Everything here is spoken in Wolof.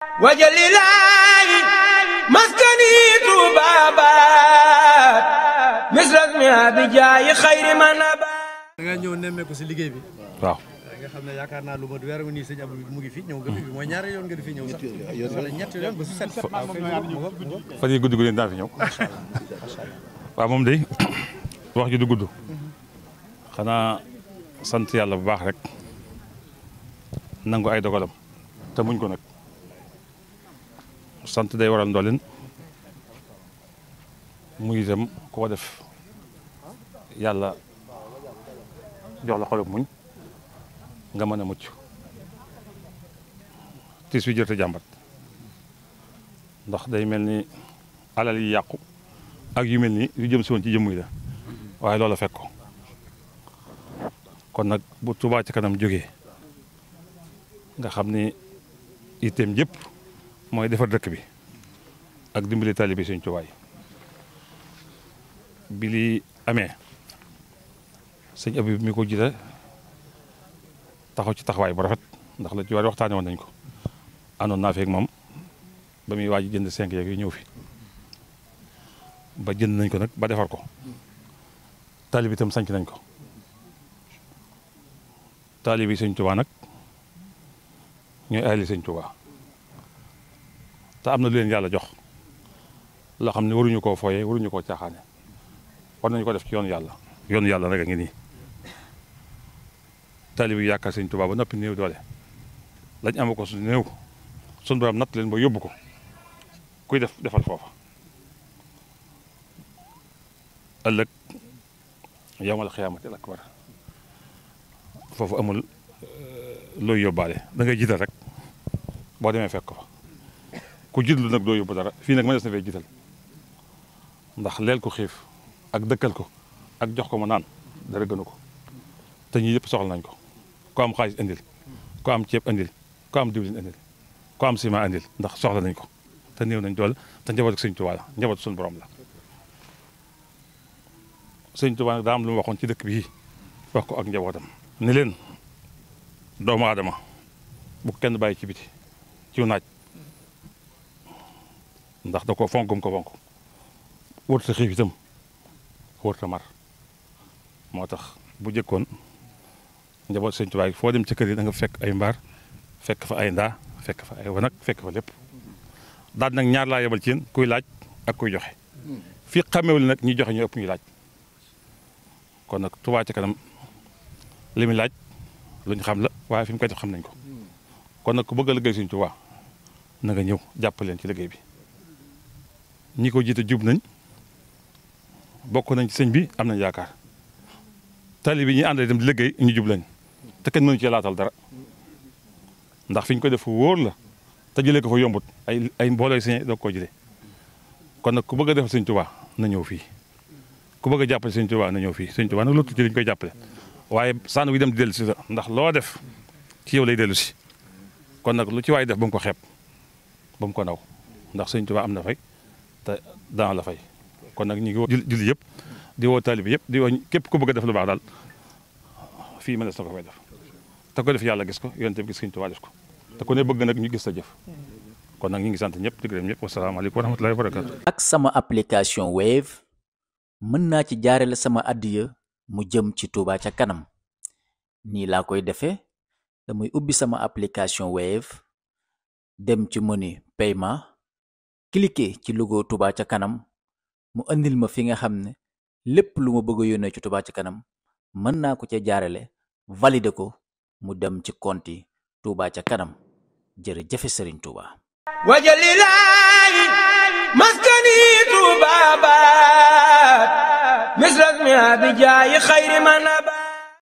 wajalilaayi maskani tuubaabaat misras mi abijaayi xayri man abaat da nga ñëw nemmeeku si liggéey bi xam ne yaakaar naa lu mat weer nii sëñ Abdou mu ngi fi ñëw nga fi mooy ñaari yoon nga di fi moom day wax ji du gudd xanaa sant yàlla bu baax rek nangu ay dogalam te muñ ko nag sant day waral ndoolin muy itam ku ko def yàlla jox la xolub muñ nga mën a mucc tiis wi jërte jàmbat ndax day mel ni alal yi yàqu ak yu mel ni yu jëm si woon ci jëmm yi la waaye loola fekk ko kon nag bu Touba ci kanam jóge nga xam ni itteem yëpp mooy defar dëkk bi ak dimbali taalibe Sëñ Tuubaa yi bi li amee sëñ Abib ko jiite taxaw ci taxawaay bu rafet ndax la ci war waxtaane woon nañ ko àndoon naa feeg moom ba muy waaj jënd cinq yeeg yi ñëw fi ba jënd nañ ko nag ba defar ko taalibe itam sanc nañ ko taalibe Sëñ Tuubaa nag ñooy aali Sëñ Tuubaa te am na lu leen yàlla jox loo xam ne waruñu koo fooyee waruñu koo caaxaane war nañu ko def ci yoon yàlla yoon yàlla rek a ngi nii taalibi yaakaar sëñ Tuubaa ba noppi néew doole lañ ama ko suñ néew suñ borom natt leen ba yóbbu ko kuy def defal foofa ëllëg yowmal xiyaamati al akbar foofu amul eh, looy yóbbaale dangay jiital rek boo demee fekk fa ku jiital nag doo yóbbu dara fii nag ma des na fee jiital ndax leel ko xiif ak dëkkal ko ak jox ko ma naan dara ko te ñii yëpp soxla nañ ko ku am xaalis indil ku am ceeb indil ku am diwlin indil ku am ciment indil ndax soxla nañ ko te néew nañ doole te njaboot ak sëñ Tuubaa la njaboot suñu borom la sëñ Tuubaa nag lu mu waxoon ci dëkk bii wax ko ak njabootam ni leen doomu aadama bu kenn bàyyi ci biti ci naaj ndax da ko fonkum ko fonk wër ta xiif itam wër ta mar moo tax bu jëkkoon njaboot sëñ Tuubaa foo dem ci kër yi da nga fekk ay mbaar fekk fa ay ndaa fekk fa ay wanag fekk fa lépp daal nag ñaar laa yebal ci kuy laaj ak kuy joxe fi xamewul nag ñi joxe ñu ëpp ñuy laaj kon nag tubaa ci kanam li muy laaj lu xam la waaye fi mu koy def xam nañ ko kon nag ku bëgg a liggéey sëñ Tuubaa na ñëw jàppaleen ci liggéey bi ñi ko jiite jub nañ bokk nañ ci sëñ bi am nañ yaakaar tali bi ñuy àndal itam di ñu jub lañ te kenn mënu ci laatal dara ndax fi ñu ko def wóor la te jëlee ko fa yombut ay ay mboolooy sëñ doo ko jëlee kon nag ku bëgg a def sëñ na ñëw fii ku bëgg a jàppale sëñ Tuubaa na ñëw fii sëñ Tuubaa nag loolu ci lañ koy jàppale waaye sànn wi dem dellu si la ndax def ci yow lay dellu si kon nag lu ci waay def ba mu ko xeeb ba mu ko naw ndax sëñ Tuubaa am na fay te dana la fay kon nag ñu ngi woo julli yëpp di woo taalib yëpp di woo képp ku bëgg a def lu baax daal fii mënees na ko fay def te ko def yàlla gis ko yonent bi gis Sëriñ Tuubaa te ne bëgg nag ñu gis sa jëf kon nag ñu ngi sant ñëpp di gërëm ñëpp wasalaamaaleykum wa rahmatullahi wa ak sama application Wave mën naa ci jaarale sama addiya mu jëm ci Touba ca kanam nii laa koy defee damay ubbi sama application Wave dem ci menu paiement cliquer ci logo tubaa ca kanam mu andil ma fi nga xam ne lépp lu ma bëgg a yónnee ci tubaa ca kanam mën naa ko ca jaarale valider ko mu dem ci konti Touba ca kanam jërëjëf Serigne Touba. wajalilaayi maskani Touba baat misrak mi abijaayi xayri man